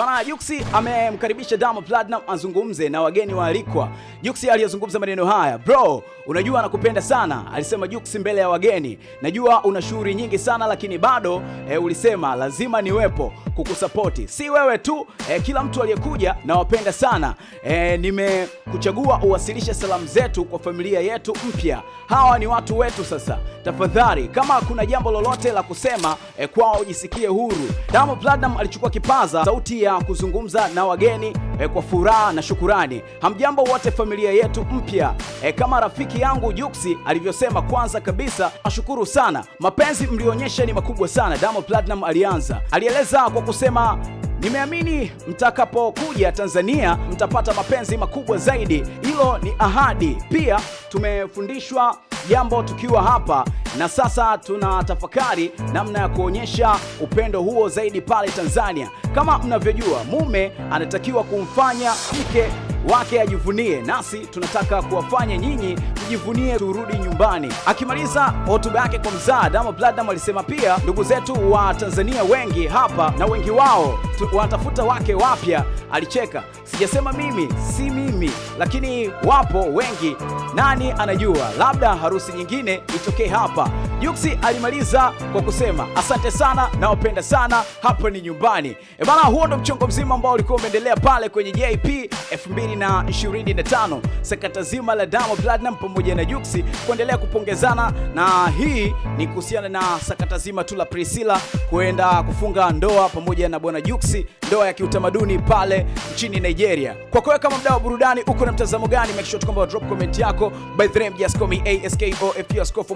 Bana, Juksi amemkaribisha damo platinum azungumze na wageni waalikwa. Juksi aliyezungumza maneno haya: bro, unajua nakupenda sana, alisema Juksi mbele ya wageni. Najua una shughuli nyingi sana lakini bado e, ulisema lazima niwepo kukusapoti. Si wewe tu e, kila mtu aliyekuja nawapenda sana e, nimekuchagua uwasilishe salamu zetu kwa familia yetu mpya. Hawa ni watu wetu sasa, tafadhali kama kuna jambo lolote la kusema e, kwao jisikie huru. damo platinum alichukua kipaza sauti ya ya kuzungumza na wageni e, kwa furaha na shukurani. Hamjambo wote familia yetu mpya e, kama rafiki yangu Juksi alivyosema, kwanza kabisa nashukuru sana, mapenzi mlionyesha ni makubwa sana. Diamond Platnumz alianza, alieleza kwa kusema Nimeamini mtakapokuja Tanzania mtapata mapenzi makubwa zaidi. Hilo ni ahadi. Pia tumefundishwa jambo tukiwa hapa, na sasa tuna tafakari namna ya kuonyesha upendo huo zaidi pale Tanzania. Kama mnavyojua, mume anatakiwa kumfanya mke wake ajivunie, nasi tunataka kuwafanya nyinyi mjivunie, turudi nyumbani. Akimaliza hotuba yake kwa mzaa, Diamond Platnumz alisema pia ndugu zetu wa Tanzania wengi hapa na wengi wao wanatafuta wake wapya. Alicheka, sijasema mimi si mimi, lakini wapo wengi, nani anajua, labda harusi nyingine itokee hapa. Jux alimaliza kwa kusema asante sana, nawapenda sana, hapa ni nyumbani. E bana, huo ndo mchongo mzima ambao ulikuwa umeendelea pale kwenye JP 2025, sakata zima la Diamond Platinum pamoja na Jux kuendelea kupongezana, na hii ni kuhusiana na sakata zima tu la Priscilla kuenda kufunga ndoa pamoja na bwana Jux, ndoa ya kiutamaduni pale nchini Nigeria. Kwa kweli kama mdau wa burudani, uko na mtazamo gani? Make sure tukomba drop comment yako by the name just call me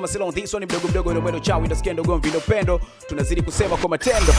Masilo, this one mdogo kidogo, ndo mwendo chawi, utasikia ndo gomvi, ndo pendo, tunazidi kusema kwa matendo.